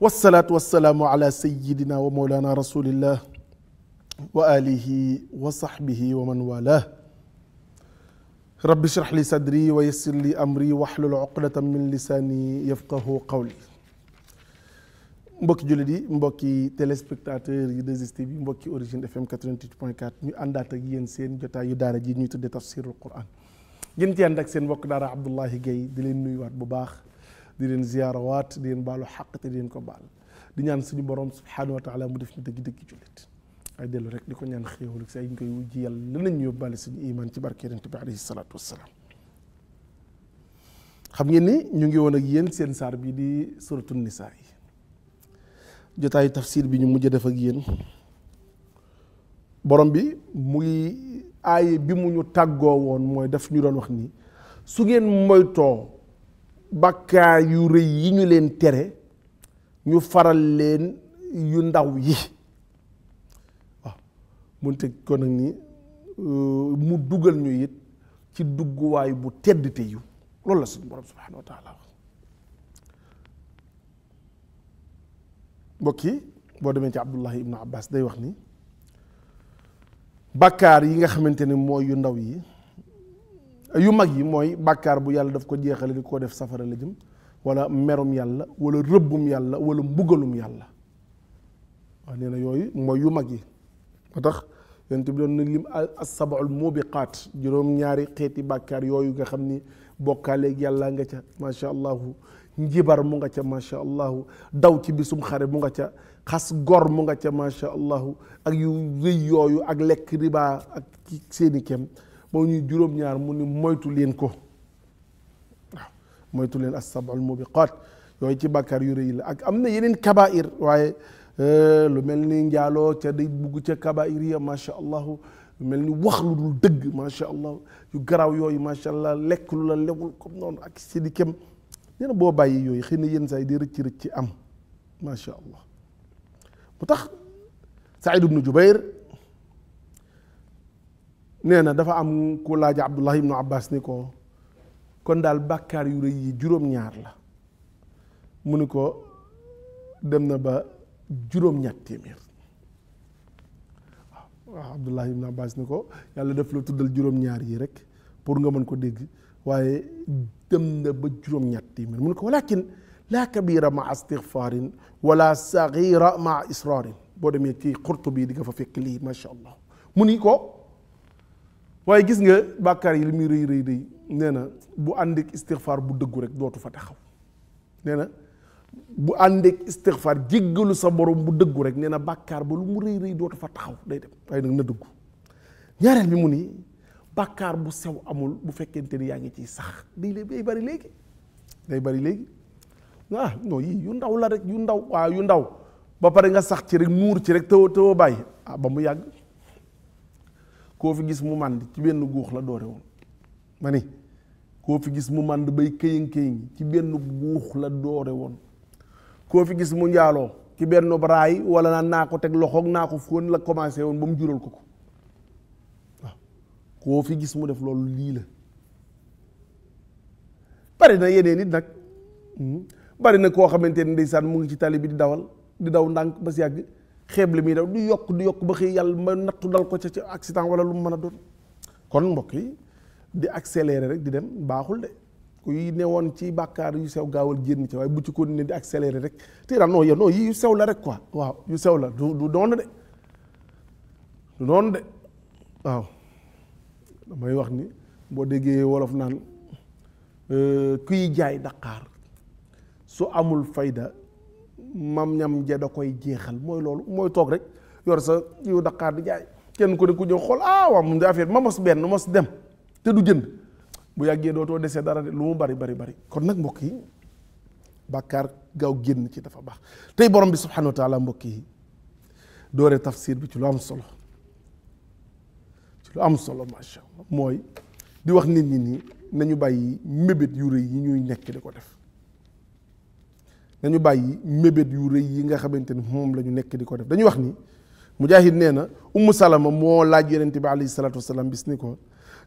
wasalaatu wasalaamu ala sayidina wa mawlana rasulillah wa alihi wa saxbihi wa man walah rabbi ishrah li sadri wa yassir li amri waxlul uqdatan min lisaani yafqahu qawli mbokki jullit yi mbokki téléspectateurs yi 2STV yi mbokki origine fm 88.4 ñu àndaat ak yéen seen jotaay yu daara ji ñuy tudde tafsirul quran ngeen ci ànd ak seen mbokk daara Abdoulaye Gaye di leen nuyuwaat bu baax di leen ziyaarawaat di leen baalo xaq te di leen ko baal di ñaan suñu borom subhanahu taala mu def ñu dëgg dëgg jullit ay dellu rek di ko ñaan xéewal si ay ñu koy wujji yàlla nañu yóbbaale suñu iman ci barke yonent bi alayhi salaatu wassalaam xam ni ñu ngi woon ak yéen seen saar bi di suratu nisaa yi jotaayu tafsir bi ñu mujj def ak yéen borom bi muy aaye bi mu ñu tàggoo woon mooy def ñu doon wax ni su ngeen moytoo bakkaar yu rëy yi ñu leen tere ñu faral leen yu ndaw yi waaw mun teg ko nag ni euh, mu dugal ñu it ci dugguwaay bu tedd te yiw loolu la suñu borom subhaanahu wa taala mbokk yi boo demee ci Abdullahi Ibnu Abbas day wax ni bakkaar yi nga xamante ni mooy yu ndaw yi yu mag yi mooy bàkkaar bu yàlla daf ko jeexale di koo def safara la jëm wala merum yàlla wala rëbbum yàlla wala mbugalum yàlla waaw nee na yooyu mooy yu mag yi moo tax yonent bi doon na lim as-sab'ul mubiqaat juróom-ñaari xeeti bàkkaar yooyu nga xam ni bokkaaleeg yàlla nga ca macha allahu njibar mu nga ca macha allahu daw ci bisum xare mu nga ca xas gor mu nga ca macha allahu ak yu rëy yooyu ak lekk riba ak seeni kem boo ñuy juróom-ñaar mu ni moytu leen ko moytu leen as-sab'ul mubiqaat yooyu ci bakkar yu rëy la ak am na yeneen kabair waaye eh, lu mel ni njaaloo ca day bugg ca kabair ya macha allah lu mel ni wax lu dul dëgg macha allah yu garaaw yooyu macha allah lekk lu la lewul comme noonu ak si di kem nee boo bàyyi yooyu xëy na yenn saa yi di rëcc rëcc am macha allah mu tax Saïd ibnu Jubayr nee na dafa am ku laaj Abdullah ibnu Abbas ni ko kon daal bàkkaar yu rëy yi juróom-ñaar la mu ni ko dem na ba juróom-ñett téeméer waaw Abdullah ibnu Abbas ni ko yàlla def la tuddal juróom-ñaar yi rek pour nga mën ko dégg waaye dem na ba juróom-ñett téeméer mu ni ko walakin laa kabira ma istigfaarin wala sagira ma israarin boo demee ci xurtu bi di nga fa fekk lii macha allah mu ni ko waaye gis nga bàkkaar yi li muy rëy rëy rëy nee na bu àndeek istixfaar bu dëggu rek dootu fa taxaw nee na bu àndeek istixfaar jéggalu sa borom bu dëggu rek nee na bàkkaar ba lu mu rëy rëy dootu fa taxaw day dem waaye nag na dëggu ñaareel bi mu ni bàkkaar bu sew amul bu fekkente ni yaa ngi ciy sax day day bari léegi day bari léegi ah non yii yu ndaw la rek yu ndaw waa yu ndaw ba pare nga sax ci rek muur ci rek tëw tëw bàyyi ah ba mu yàgg koo fi gis mu mànd ci benn guux la doore woon ma ni koo fi gis mu mànd bay këying këying ci benn guux la doore woon koo fi gis mu njaaloo ci benn baraay wala naan naa ko teg loxoog naa ko fóon la commencé woon ba mu jural ko ko waaw koo fi gis mu def loolu lii la bari na yeneen nit nag hmm, bari na koo xamante ne ndeysaan mu ngi ci tali bi di dawal di daw ndànk ba si yàgg xeeb li muy daw du yokk du yokk ba xëy yàlla ma nattu dal ko ca ci accident wala lu mu mën a doon kon mbokk yi di accélérer rek di dem baaxul de kuy ne woon ci bàkkaar yu sew gaawal génn ci waaye bu ci continuer di accélérer rek te daal non non yi yu sew la rek ko waaw yu sew la du du doon de du doon de waaw damay wax ni boo déggee wolof naan euh, kuy jaay Dakar su amul fayda mam ñam je da koy jeexal mooy loolu mooy toog rek yor sa yu daqaar di jaay kenn ku ne ku ñëw xool ah waaw mu affaire ma mos benn mos dem te du jënd bu yàggee dootoo desee dara de lu mu bari bari bari kon nag mbokk yi bàkkaar gaaw génn ci dafa baax tey borom bi subhanahu wa taala mbokk yi doore tafsir bi ci lu am solo ci lu am solo macha allah mooy di wax nit ñi nii nañu bàyyi mébét yu rëy yi ñuy nekk di ko def nañu bàyyi mébét yu rëy yi nga xamante ni moom la ñu nekk di ko def dañuy wax ni Mujaahid nee na Ummu Salama moo laaj yonent bi alayhi salaatu wasalaam bis ni ko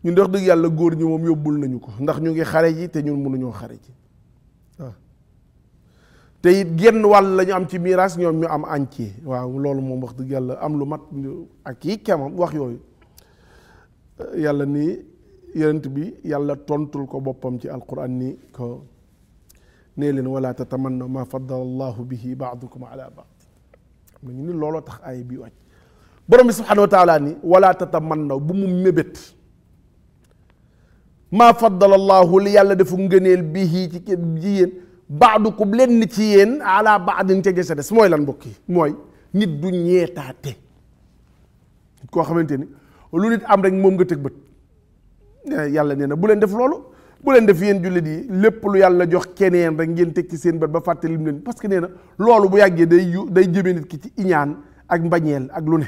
ñun de wax dëgg yàlla góor ñi moom yóbbul nañu ko ndax ñu ngi xare ji te ñun mënuñoo xare ji waaw te it genn wàll la am ci miraas ñoom ñu am entier waaw loolu moom wax dëgg yàlla am lu mat ak yi kemam wax yooyu yàlla ni yonent bi yàlla tontul ko boppam ci alquran ni ko nee leen wala tatamannaw ma faddala allahu bihi baadukum xam na ñu ni looloo tax aaya bii wàcc borom bi subhanahu wa taala ni wala bu mu mébét maa faddala allahu li yàlla dafa ngëneel bihi ci ci yéen baadukum lenn ci yéen ala baadin ca gese des mooy lan mbokk yi mooy nit du ñeetaate nit koo xamante ni lu nit am rek moom nga tëg bët eh, yàlla nee na bu leen def loolu bu leen def yéen jullit yi lépp lu yàlla jox keneen rek ngeen ci seen bët ba fàtte lim leen parce que nee loolu bu yàggee day yu day jëme nit ki ci iñaan ak mbañeel ak lu ne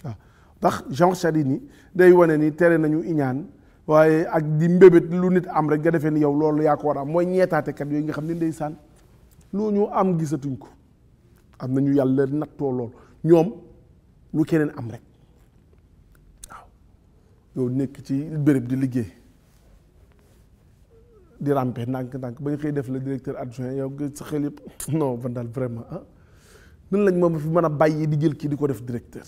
tax ndax Jean Chadini day wane nii tere nañu iñaan waaye ak di mbébét lu nit am rek nga defee ni yow loolu yaa ko war a mooy ñeetaatekat yooyu nga xam ne ndeysaan loo ñu am gisatuñ ko am nañu yàlla nattoo lool ñoom lu keneen am rek yow nekk ci béréb di liggéey di ràmpe ndànk-ndànk ba ñu xëy def la directeur adjoint yow sa xel yëpp non man daal vraiment ah nan lañ moom fi mën a bàyyi di jël kii di ko def directeur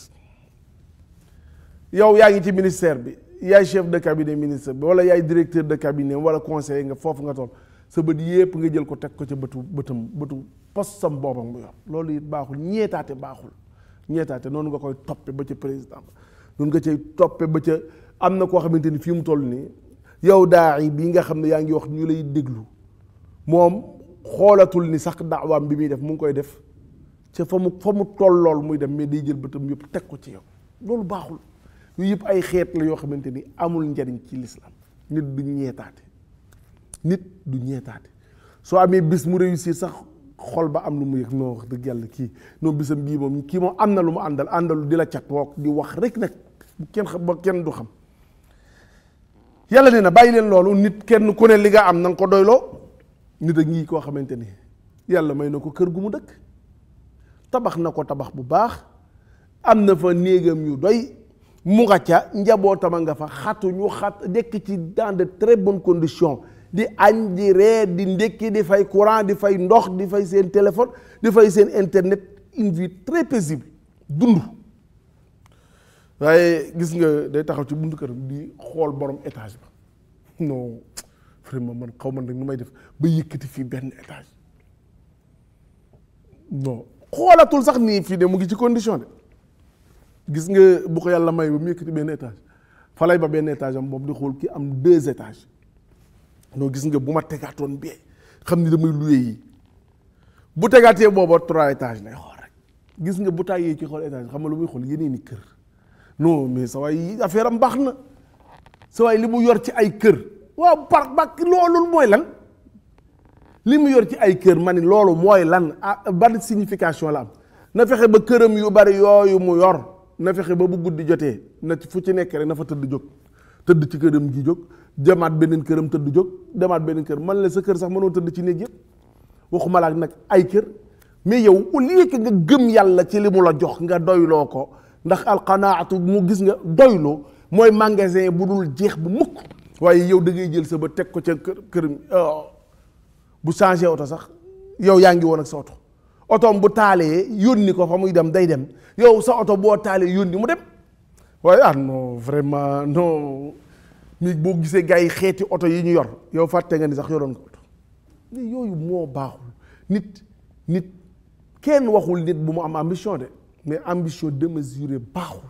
yow yaa ngi ci ministère bi yaay chef de cabinet ministre bi wala yaay directeur de cabinet wala conseiller nga foofu nga toll sa bët yépp nga jël ko teg ko ca bëtu bëtam bëtu poste sam boobam mu yor loolu it baaxul ñeetaate baaxul ñeetaate noonu nga koy toppe ba am na koo xamante ni fii mu toll nii yow daay bii nga xam ne yaa ngi wax ñu lay déglu moom xoolatul ni sax daawaam bi muy def mu ngi koy def ca fa mu fa mu tollool muy dem mais day jël bëtam yëpp teg ko ci yow loolu baaxul yooyu yëpp ay xeet la yoo xamante ni amul njariñ ci lislaam nit du ñeetaate nit du ñeetaate soo amee bis mu réussir sax xol ba am lu mu yëg noo wax dëgg yàlla kii noo bisam bii moom kii moom am na lu mu àndal àndalu di la cat wook di wax rek nag kenn xam kenn du xam yàlla nee na bàyyi leen loolu nit kenn ku ne li nga am na nga ko doyloo nit ak ñii koo xamante ni yàlla may na ko kër gu mu dëkk tabax na ko tabax bu baax am na fa néegam yu doy mu nga ca njabootama nga fa xatu ñu xat nekk ci dans de très condition di añ di reer di ndékki di fay courant di fay ndox di fay seen téléphone di fay seen internet une vie très paisible dund waaye gis nga day taxaw ci buntu këram di xool borom étage ba non vraiment man xaw ma nag nu may def ba yëkkati fii benn étage non xoolatul sax nii fii de mu ngi ci condition de gis nga bu ko yàlla may ba mu yëkkati benn étage falay ba benn étage am moom di xool ki am deux étage non gis nga bu ma tegaatoon bee xam ni damay luye yi bu tegaatee booba trois étages lay xool rek gis nga bu tàyyee ci xool étage xam nga lu muy xool yeneen i kër non mais sa waay affaire am baax na sa waay li mu yor ci ay kër waaw par bak loolu mooy lan li mu yor ci ay kër ma ni loolu mooy lan ah ban signification la am na fexe ba këram yu bari yooyu mu yor na fexe ba bu guddi jotee na ci fu ci nekk rek na fa tëdd jóg tëdd ci këram gi jóg jamaat beneen këram tëdd jóg jamaat beneen kër man la sa kër sax mënoo tëdd ci néeg yëpp waxuma la nag ay kër mais yow au lieu nga gëm yàlla ci li mu la jox nga doyloo ko ndax alqanaatu mu gis nga doyloo mooy magasin bu dul jeex bu mukk waaye yow da ngay jël sa ba teg ko ca kër kër euh, bu changé oto sax yow yaa ngi woon ak sa oto otoom bu taalee yónni ko fa muy dem day dem yow sa oto boo taalee yónni mu dem waaye ah non vraiment non mi boo gisee gars yi xeeti oto yi ñu yor yow fàtte nga ni sax yoroon ko oto yooyu moo baaxul nit nit kenn waxul nit bu mu am ambition de mais ambition démesurée baaxul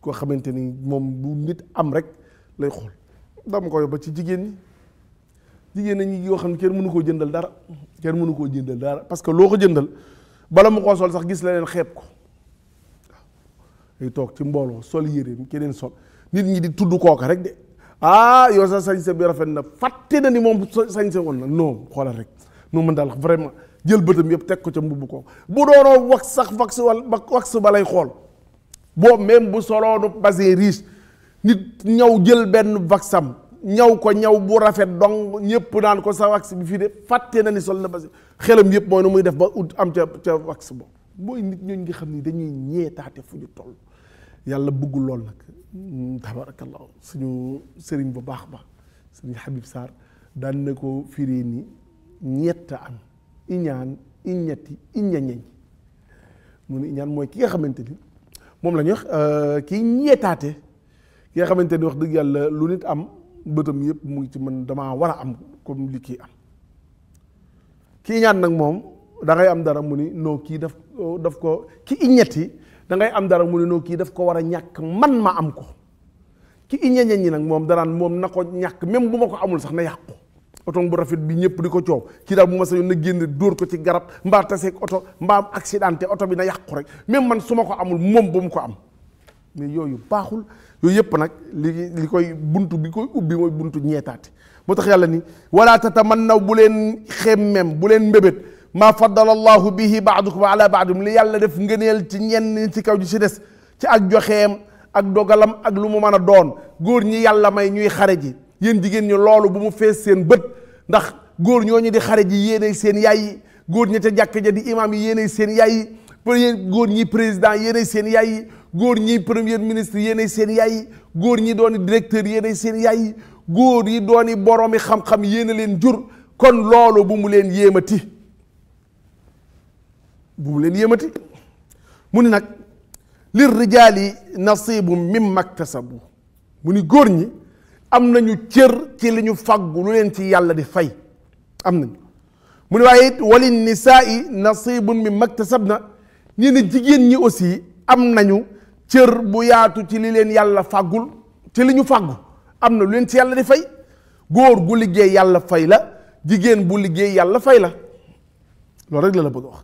koo xamante ni moom bu nit am rek lay xool dama ko yóbba ci jigéen ñi jigéen ñi yoo xam ne kenn mënu koo jëndal dara kenn mënu koo jëndal dara parce que loo ko jëndal bala mu ko sol sax gis la leen xeeb ko waaw toog ci mbooloo sol yére keneen sol nit ñi di tudd kooka rek de ah yow sa sañse bi rafet na fàtte na ni moom sañse woon na non xoolal rek non man daal vraiment jël bëtam yëpp teg ko ca mbubb ko bu doonoo wax sax wax wal wax ba lay xool boo même bu soloonu basin riche nit ñaw jël benn vaxam ñaw ko ñaw bu rafet donc ñëpp naan ko sa wax bi fii de fàtte na ni sol na basin xelam yëpp mooy nu muy def ba ut am ca ca wax boobu mooy nit ñooñ nga xam ni dañuy ñeetaate fu ñu toll yàlla bëggul lool nag tabarakallahu suñu sëriñ bu baax ba suñu Habib Sarr daan na ko firee nii ñett am iñaan iññetti iññañeñ mu ne iñaan mooy ki nga xamante ni moom lañu ñu euh, kii ñeetaate ki nga xamante ni wax dëgg yàlla lu nit am bëtam yëpp mu ngi ci man damaa war a am comme li kii am ki iñaan nag moom da am dara mu ni noo kii daf daf ko ki iññetti da am dara mu ni noo kii daf ko war a ñàkk man ma am ko ki iññañeñ ñi nag moom danaan moom na ko ñàkk même bu ma ko amul sax na yàqu oto bu rafet bi ñëpp di ko coow kii daal bu ma sañoon na génn dóor ko ci garab mbaa taseeg oto mbaa am oto bi na yàqu rek même man su ma ko amul moom ba mu ko am mais yooyu baaxul yooyu yëpp nag li li koy buntu bi koy ubbi mooy buntu ñeetaate moo tax yàlla ni man naw bu leen xemmem bu leen mbébét maa faddala allahu bihi baadukum ala baadum li yàlla def ngëneel ci ñenn ci kaw ji si des ci ak joxeem ak dogalam ak lu mu mën a doon góor ñi yàlla may ñuy xare ji yéen jigéen ñi loolu bu mu fees seen bët ndax góor ñoo ñu di xare ji yéenay seen yaay yi góor ñi ca jàkk ja di imam yi yéenay seen yaay góor ñi président yéenay seen yaay yi góor ñi premier ministre yéenay seen yaay yi góor ñi dooni directeur yéenay seen yaay yi góor yi dooni boroomi xam-xam yéen leen jur kon loolu bu mu leen yéemati bu mu leen yéemati mu ni nag lir rijaali nasibu mimma ktasabu mu ni góor ñi am nañu cër ci li ñu fàggu lu leen ci yàlla di fay am nañu mu ne waaye it wali nisaai nasibun mi maktasab na ñi ne jigéen ñi aussi am nañu cër bu yaatu ci li leen yàlla fàggul ci li ñu fàggu am na lu leen ci yàlla di fay góor gu liggéey yàlla fay la jigéen bu liggéey yàlla fay la loolu rek la la bëgg wax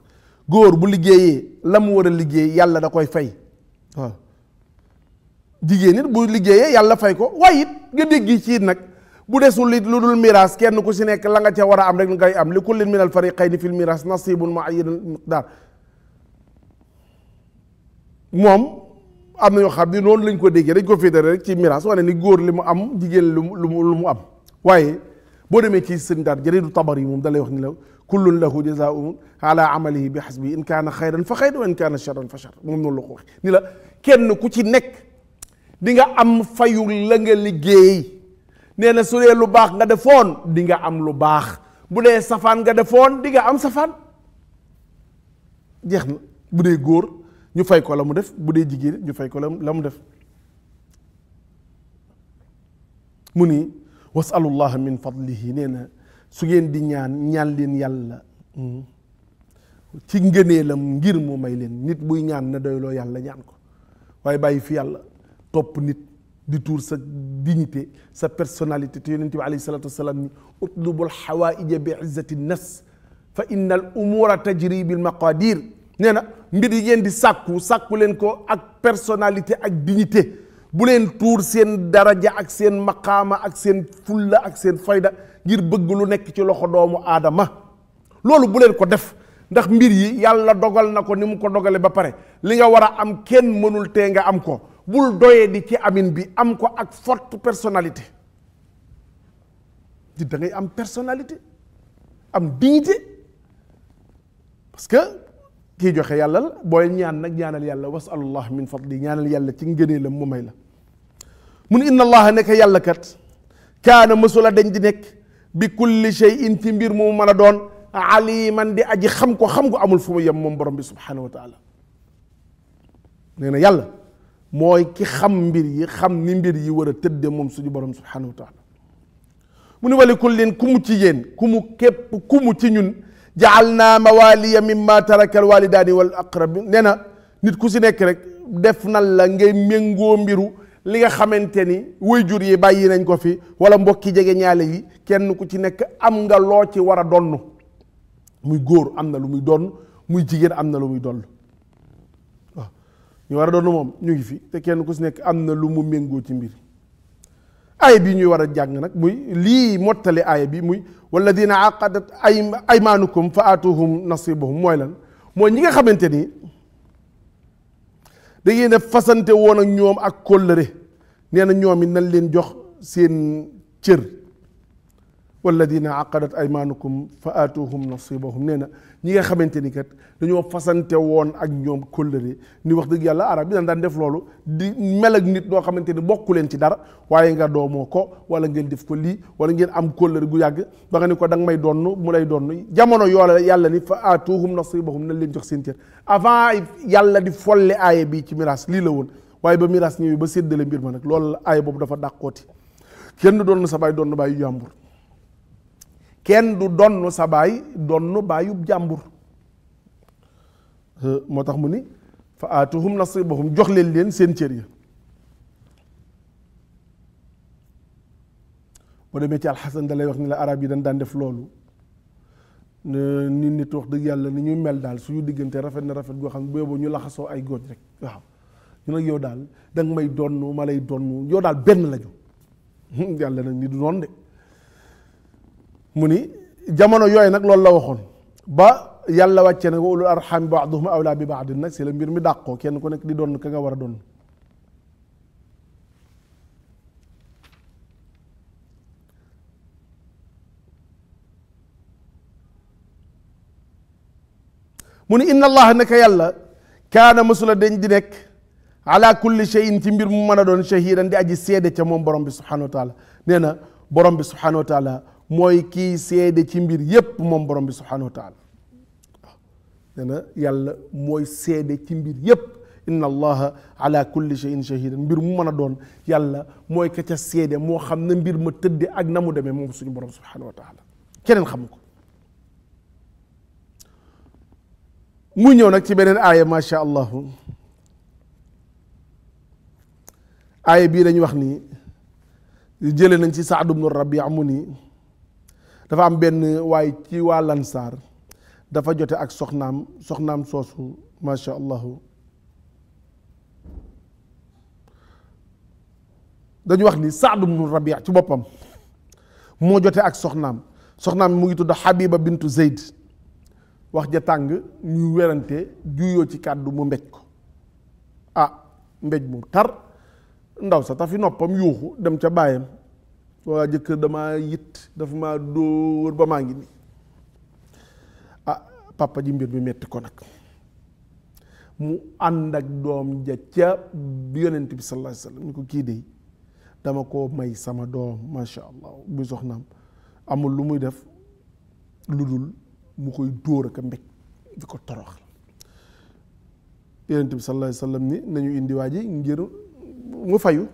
góor bu liggéeyee la mu war a liggéey yàlla da koy fay jigéen it bu liggéeyee yàlla fay ko waaye it nga dégg ci nag bu desul it lu dul miraas kenn ku si nekk la nga ca war a am rek nga koy am li kullin min al fariqayni fil miraas nasibun ma'ayyanul miqdaar moom am na ñoo xam ne noonu lañ ko déggee dañ ko féetale rek ci miraas wane ni góor li mu am jigéen lu mu lu mu am waaye boo demee ci sëñ daal jaridu yi moom dalay wax ni la kullun lahu jazaa'un ala amalihi bi hasbi in kaana xayran fa xayr wa in kaana charran fa charr moom noonu la ko wax ku ci nekk di am fayul la nga liggéey nee na su dee lu baax nga defoon di nga am lu baax bu dee safaan nga defoon di nga am safaan jeex na bu dee góor ñu fay ko la mu def bu dee jigéen ñu fay ko la mu def mu ni wasalullah min fadlihi nee na su ngeen di ñaan ñaan leen yàlla ci ngëneelam ngir mu may leen nit muy ñaan na doyloo yàlla ñaan ko waaye bàyyi fi yàlla topp nit di tuur sa dignité sa personnalité te yonente bi alayhi salatu wasalaam ni utlubul xawaaija bi izzati nafs fa inna al umura tajri bil maqadir nee na mbir yi ngeen di sàkku sàkku leen ko ak personnalité ak dignité bu leen tuur seen daraja ak seen maqaama ak seen fulla ak seen fayda ngir bëgg lu nekk ci loxo doomu aadama loolu bu leen ko def ndax mbir yi yàlla dogal na ko ni mu ko dogale ba pare li nga war a am kenn mënul tee nga am ko bul doyee di ci amin bi am ko ak forte personnalité di da ngay am personnalité am dignité parce que kii joxe yàlla booy ñaan nag ñaanal yàlla wasalullah min fadli ñaanal yàlla ci la mu may la mun inna allaha nekk yàlla kat kaana mësula dañ di nekk bi kulli in ci mbir mu mën a doon aliman di aji xam ko xam ko amul fu mu yem moom borom bi subhanahu wa taala nee na yàlla mooy ki xam mbir yi xam ni mbir yi war a tëdde moom suñu borom subhanahu wa taala mu ne wali kullin ku mu ci yéen ku mu képp ku mu ci ñun jaal naa mawaaliya mimma taraka al walidaani wal aqrab nee na nit ku si nekk rek def na la ngay méngoo mbiru li nga xamante ni jur yi bàyyi nañ ko fi wala mbokki jege ñaale yi kenn ku ci nekk am nga loo ci war a donn muy góor am na lu muy donn muy jigéen am na lu muy donn ñu war a doon moom ñu ngi fi te kenn ku si nekk am na lu mu méngoo ci mbir aaya bi ñuy war a jàng nag muy lii mottali aaya bi muy a aqadat ay aymaanukum fa aatuhum nasibahum mooy lan mooy ñi nga xamante ni da ngeen fasante woon ak ñoom ak kóllëre nee na ñoom it nañ leen jox seen cër walladina aqadat aymanukum fa aatuhum nasibahum nee na ñi nga xamante ni kat dañoo fasante woon ak ñoom kóllëre ni wax dëgg yàlla arab yi daan daan def loolu di mel ak nit noo xamante ni bokku leen ci dara waaye nga doomoo ko wala ngeen def ko lii wala ngeen am kóllëre gu yàgg ba nga ni ko da nga may donn mu lay donn jamono yoola yàlla ni fa aatuhum nasibahum nañ leen jox seen cër avant yàlla di folle aaye bii ci miraas lii la woon waaye ba miraas ñëwee ba séddale mbir ma nag loolu la aaye boobu dafa dàqooti kenn doon na sa baay doon na bàyyi jàmbur kenn du donn sa baay donn baayub jàmbur euh, moo tax mu ni fa aatuhum nasibahum jox leen leen seen cër yi boo demee ci xasan da lay wax ni la arab yi dañ daan def loolu nit nit wax dëgg yàlla ni ñuy mel daal suñu diggante rafet na rafet goo xam ne boobu ñu laxasoo ay góoj rek waaw ñu nag yow daal danga may donn ma lay donn yow daal benn lañu yàlla nag ni du noonu de mu ni jamono yooyu nag loolu la waxoon ba yàlla wàccee nag wa ulul arxam baaduhum awlaa bi baax nag si la mbir mi dàqoo kenn ku nekk di doon ka nga war a doon mu ni inna allah naka yàlla kaana masula dañ di nekk ala kulli shay'in ci mbir mu mën a doon shahidan di aji seede ca moom borom bi subhanahu wa nee na borom bi subhanahu wa mooy kii seede ci mbir yépp moom borom bi subhanahu wa taala yàlla mooy seede ci mbir yépp inna allaha ala kulli shay'in shahidan mbir mu mën a doon yàlla mooy ka ca seede moo xam ne mbir ma tëdde ak na mu demee moom suñu borom subhanahu wa taala keneen xamu ko mu ñëw nag ci beneen aaya ma sha allahu aaya bii dañu wax ni jële nañ ci saad ibnu rabi mu nii dafa am benn waaye ci waa lansaar dafa jote ak soxnaam soxnaam soosu macha allahu dañu wax ni Saad ibnu Rabia ci boppam moo jote ak soxnaam soxnaam mu ngi tudd Habiba bintu Zeyd wax ja tàng ñuy werante juyoo ci kàddu mu mbéj ko ah mbéj mu tar ndaw sa tafi noppam yuuxu dem ca baayam waa jëkkër damaa yitt dafa maa dóor ba maa ngi nii ah papa ji mbir mi metti ko nag mu ànd ak doom ja ca yonent bi sallallahu alayhi wasallam ko kii de dama ko may sama doom masha allah bu soxnaam amul lu muy def lu dul mu koy dóor ak a mbég di ko torox yonent bi sallallahu alayhi ni nañu indi waa ngir mu fayu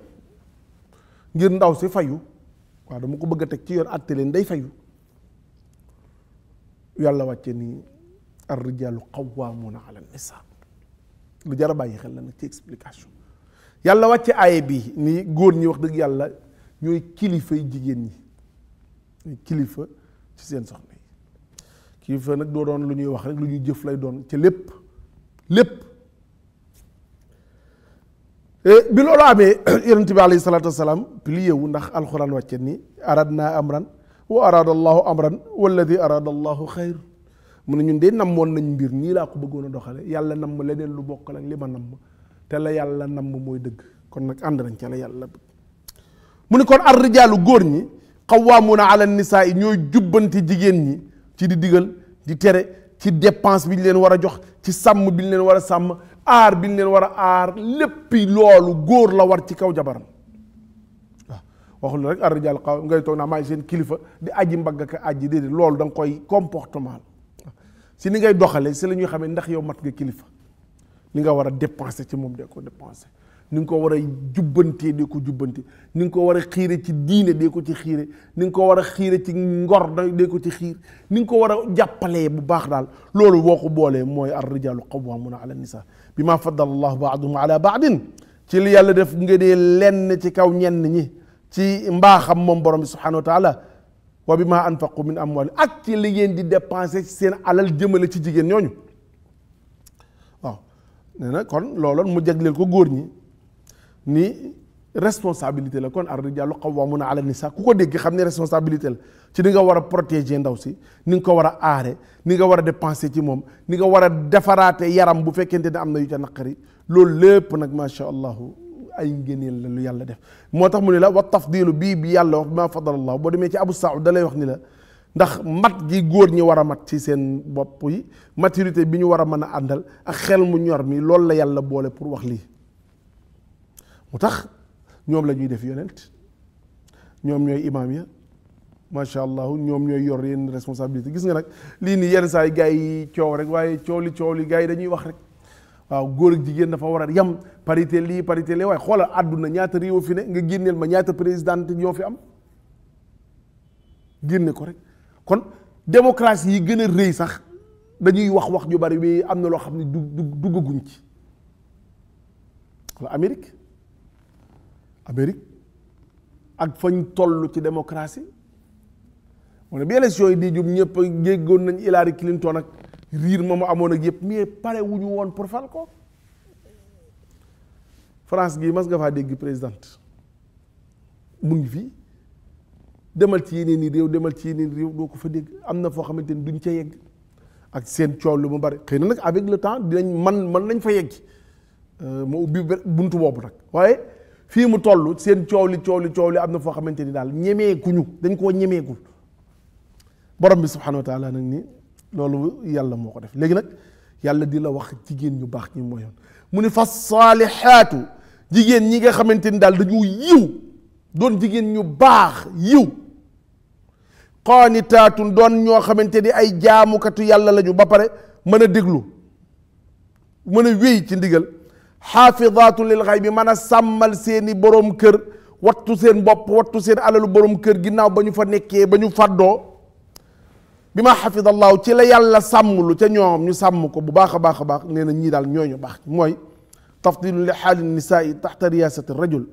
ngir ndaw si fayu waa dama ko bëgg a teg ci yoon àtte leen day fayu yàlla wàcce ni ar rijaalu qawwaamuuna ala nisaa lu jar a bàyyi xel la nag ci explication yàlla wàcce aaye bi ni góor ñi wax dëgg yàlla ñooy kilifay jigéen ñi ñooy kilifa ci seen soxna yi kilifa nag doo doon lu ñuy wax rek lu ñuy jëf lay doon ca lépp lépp Eh, bi loolu amee yonent bi alayhi salaatu wasalaam plié wu ndax alxuraan wàcce ni arad naa amran wa araada allahu amran walladi araada allahu xayr mu ne ñun de namoon nañ mbir nii laa ko bëggoon a doxale yàlla namm leneen lu bokk la li ma namm te la yàlla namm mooy dëgg kon nag ànd nañ ca yàlla mu ne kon ar rijaalu góor ñi na ala nisaa i ñooy jubbante jigéen ñi ci di diggal di tere ci dépense bi ñu leen war a jox ci sàmm bi ñu leen war a sàmm aar bi ñu leen war a aar léppi loolu góor la war ci kaw jabaram waaw ah, waxul rek arrijal xaw ngay toog naa maay seen kilifa di aji mbagg ak aji déedéet loolu da koy comportement ah, si ni ngay doxalee si la ñuy xamee ndax yow mat nga kilifa li nga war a dépenser ci moom de ko dépenser ni nga ko war a jubbantee de ko jubbante ni nga ko war a xiire ci diine de ko ci xiire ni nga ko war a xiire ci ngor de ko ci xiir ni nga ko war a jàppalee bu baax daal loolu boo ko boolee mooy ar rijalu qawwamuna ala nisa bi ma faddala allahu baadum ala baadin ci li yàlla def nga ngëneel lenn ci kaw ñenn ñi ci mbaaxam moom borom bi subhanahu wa taala wa bi ma anfaqu min amwali ak ci li ngeen di dépensé seen alal jëmale ci jigéen ñooñu waaw nee na kon looloon mu jagleel ko góor ñi ni responsabilité la kon ar rijaalu qawwaamuuna ala nisaa ku ko dégg xam ne responsabilité la ci ni nga war a protéger ndaw si ni nga ko war a aare ni nga war a dépenser ci moom ni nga war a defaraate yaram bu fekkente ne am na yu ca naqari loolu lépp nag macha allahu ay ngëneel la lu yàlla def moo tax mu ne la wa tafdilu bii bi yàlla wax bima fadal allah boo demee ci abu saud da lay wax ni la ndax mat gi góor ñi war a mat ci seen bopp yi maturité bi ñu war a mën a àndal ak xel mu ñor mi loolu la yàlla boole pour wax lii ñoom la ñuy def yonent ñoom ñooy imaam ya macha allah ñoom ñooy yor yenn responsabilité gis nga nag lii nii yenn saa yi gars yi coow rek waaye coow li coow li gars yi dañuy wax rek waaw góor ak jigéen dafa war a yem parité lii parité lee waaye xoolal àdduna ñaata réew fi ne nga génneel ma ñaata président ñoo fi am génne ko rek kon démocratie yi gën a rëy sax dañuy wax wax ju bari bi am na loo xam ne du duggaguñ ci wala Amérique Amérique ak fañ toll ci démocratie mu ne bi élection yi di jub ñëpp jéggoon nañ Hillary Clinton ak riir ma mu amoon ak yëpp mais pare wu ñu woon pour fal ko France gi mas nga faa dégg présidente mu ngi fii demal ci yeneen i réew demal ci yeneen réew doo ko fa dégg am na foo xamante ni duñ ca yegg ak seen coow lu mu bari xëy na nag avec le temps dinañ man man nañ fa yegg euh, ma ubbi buntu boobu nag waaye fii mu toll seen coow li coow li coow li am na foo xamante ni daal ñemeekuñu dañ koo ñemeeku borom bi subhanahu wa nag ni loolu yàlla moo ko def léegi nag yàlla di la wax jigéen ñu baax ñi mooyoon mu ni fas saalihaatu jigéen ñi nga xamante ni daal dañu yiw doon jigéen ñu baax yiw qaanitaatun doon ñoo xamante ni ay jaamukatu yàlla lañu ba pare mën a déglu mën a wéy ci ndigal xaafidaatu lil xay bi mën a sàmmal seeni borom kër wattu seen bopp wattu seen alalu borom kër ginnaaw ba ñu fa nekkee ba ñu fàddoo bi ma xafidallaahu ci la yàlla sàmmlu ca ñoom ñu sàmm ko bu baax a baax a baax nee na ñii daal ñu baax mooy tafdilu li xaali nisaai taxta riyaasati rajul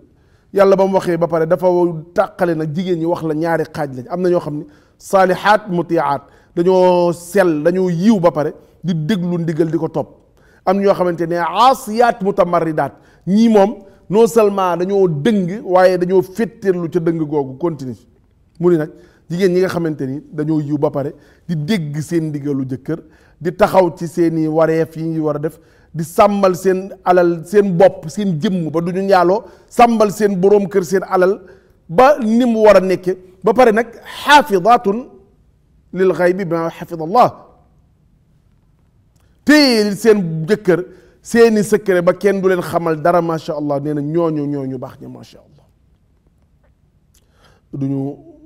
yàlla ba mu waxee ba pare dafa tàqale nag jigéen ñi wax la ñaari xaaj lañ am na ñoo xam ne saalihaat mutiaat dañoo sel dañoo yiw ba pare di déglu ndigal di ko topp am ñoo xamante ne aasiyaat mutamarridaat ñii moom noo seulement dañoo dëng waaye dañoo féttéerlu ca dëng googu continuer mu ni nag jigéen ñi nga xamante ni dañoo yiw ba pare di dégg seen ndigalu jëkkër di taxaw ci seeni wareef yi ñuy war a def di sàmmal seen alal seen bopp seen jëmm ba du ñu njaaloo sàmmal seen boroom kër seen alal ba ni mu war a nekke ba pare nag xaafidaatun lil xaybi bi ma xafida allah téye seen jëkkër seeni secret ba kenn du leen xamal dara macha allah nee na ñooñu ñooñu baax ña macha allah du ñu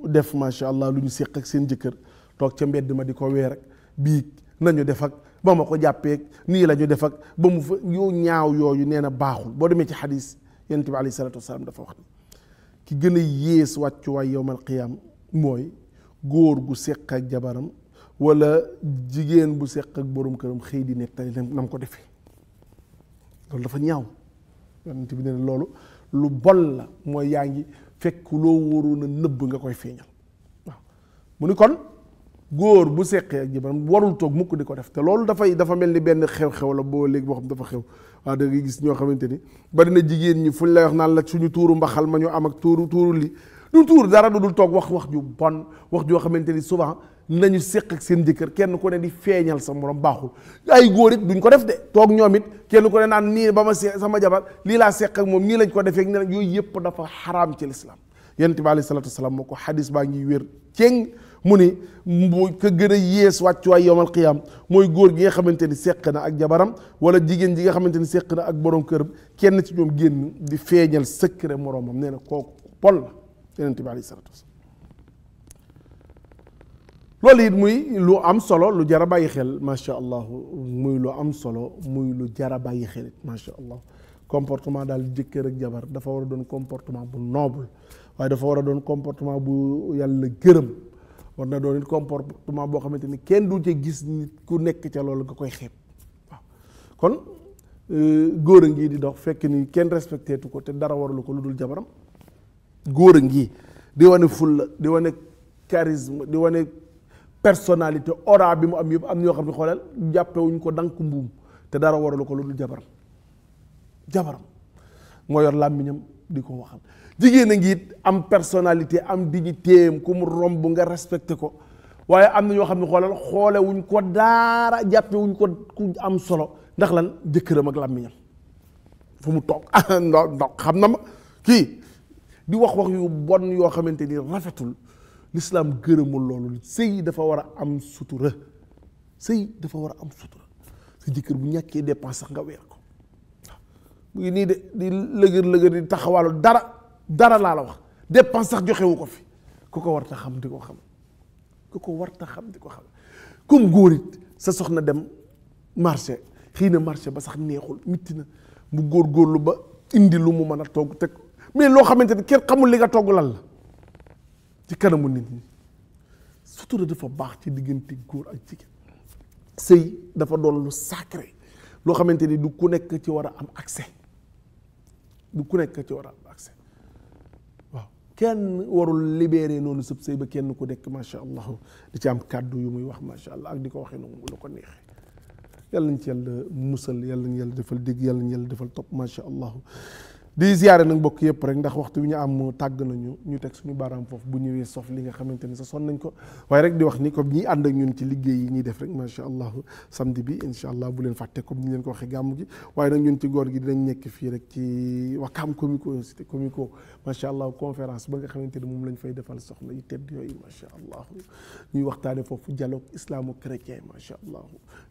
def macha allah lu ñu seq ak seen jëkkër toog ca mbedd ma di ko weer ak bii nañu def ak ba ma ko jàppeeg nii la def ak ba mu fa ñaaw yooyu nee na baaxul boo demee ci xadis yonent bi alayhi salaatu wasalaam dafa wax ni ki gën a yées wàccuwaay yowmal qiyaam mooy góor gu seq ak jabaram wala jigéen bu seq ak boroom këram xëy di nettali nam ko defee loolu dafa ñaaw yonent bi ne loolu lu bon la mooy yaa ngi fekk loo wóoroon a nëbb nga koy feeñal waaw mu ni kon góor bu seqee ak jabaram warul toog mukk di ko def te loolu dafay dafa mel ni benn xew-xew la boo léegi boo xam dafa xew waaw da gis ñoo xamante ni bari na jigéen ñi fuñ lay wax naan la suñu tuuru mbaxal ma ñu am ak tuuru tuuru li du tuur dara du dul toog wax wax ju bon wax joo xamante ni souvent nañu séq ak seen jëkkër kenn ku ne di feeñal sa moroom baaxul ay góor it ñu ko def de toog ñoom it kenn ku ne naan nii ba ma se sama jabar lii laa séq ak moom nii lañ ko defee ak yooyu yëpp dafa xaraam ci lislaam yonent bi aleyhi salaatu wa salaam moo ko xadis baa ngi wér ceng mu ni mu ko gën a yées wàccuwaay yowmal qiyaam mooy góor gi nga xamante ni seq na ak jabaram wala jigéen ji nga xamante ni seq na ak boroom kër kenn ci ñoom génn di feeñal secret moroomam nee na kooku pol la yonent bi aleyhi salaatu wa salaam loolu it muy lu am solo lu jar a bàyyi xel macha allah muy lu am solo muy lu jar a bàyyi xel it macha allah comportement daal jëkkër ak jabar dafa war a doon comportement bu noble waaye dafa war a doon comportement bu yàlla gërëm war na doon it comportement boo xamante ni kenn du ca gis nit ku nekk ca loolu nga koy xeeb waaw kon euh, góor a ngi di dox fekk ni kenn respecté tu ko te dara waralu ko lu dul jabaram góor a ngi di wane fulla di wane charisme di wane personnalité aura bi mu am yëpp am yoo xam ne xoolal jàppewuñ ko dank mbuum te dara waralu ko loolu dul jabaram jabaram moo yor làmmiñam di ko waxal jigéen a ngi it am personnalité am dignitéem ku mu romb nga respecté ko waaye am na ñoo xam ne xoolal xoolewuñ ko daara jàppe wuñ ko ku am solo ndax lan jëkkëram ak làmmiñam fu mu toog ndox xam na ma kii di wax wax yu bon yoo xamante ni rafetul l'islam gërëmul loolu sëy dafa war a am sutura sëy dafa war a am sutura sa jëkkër bu ñàkkee dépense sax nga weer ko mu ngi nii de di lëgër lëgër di taxawaalu dara dara laa la wax dépense sax joxewu ko fi ku ko war ta xam di ko xam ku ko war ta xam di ko xam comme góor it sa soxna dem marché xëy na marché ba sax neexul mitti na mu góor góorlu ba indi lu mu mën a togg teg mais loo xamante ni kenn xamul li nga togg lal la ci kanamu nit ñi sutura dafa baax ci diggante góor ak jigéen sëy dafa doon lu sacré loo xamante ni du ku nekk ci war a am accès du ku nekk ci war a am accès waaw kenn warul libéré noonu sëb sëy ba kenn ku nekk macha allah di ci am kàddu yu muy wax macha allah ak di ko waxee noonu lu ko neexee yàlla nañ ci yàlla musal yàlla nañ yàlla defal dégg yàlla nañ defal topp macha allah di ziare nag mbokk yëpp rek ndax waxtu wi ñu am tàgg nañu ñu teg suñu baaraam foofu bu ñëwee sof li nga xamante ni sa son nañ ko waaye rek di wax ni comme ñi ànd ak ñun ci liggéey ñuy def rek macha allah samedi bi incha allah bu leen fàtte comme ni ko waxee gàmm gi waaye nag ñun ci góor gi dinañ nekk fii rek ci wakaam comico cité comico macha allah conférence ba nga xamante ni moom lañu fay defal soxna yi tedd yooyu macha allah ñuy waxtaane foofu dialogue islamo chrétien macha allah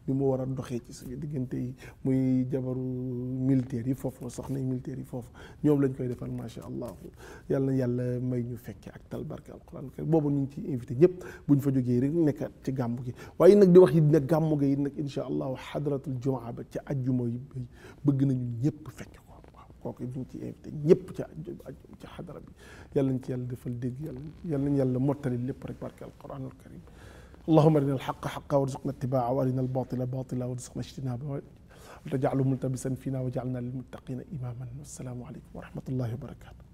ni mu war a doxee ci suñu diggante yi muy jabaru militaire yi foofu soxna yi militaire yi foofu ñoom lañ koy defal macha allah yàlla yàlla may ñu fekkee ak tal barke alquran kër boobu ñu ngi ciy invité ñëpp bu ñu fa jógee rek nekk ci gàmmu gi waaye nag di wax yi nag gàmmu gi nag incha allah xadratul jumaa ba ci ajjuma yi bëgg nañu ñëpp fekk ko waaw kooku ñu ngi ciy invité ñëpp ci ci xadara bi yàlla nañ ci yàlla defal dégg yàlla yàlla nañ yàlla mottali lépp rek barke alquran alkarim allahuma arina alxaqa xaqa warzuqna ittibaa wa arina albatila batila warzuqna ijtinaba wala tajaalu multabisan fii naa wa jaalna lil muttaqiina imaaman wassalaamu aleykum wa rahmatullahi wa barakaatu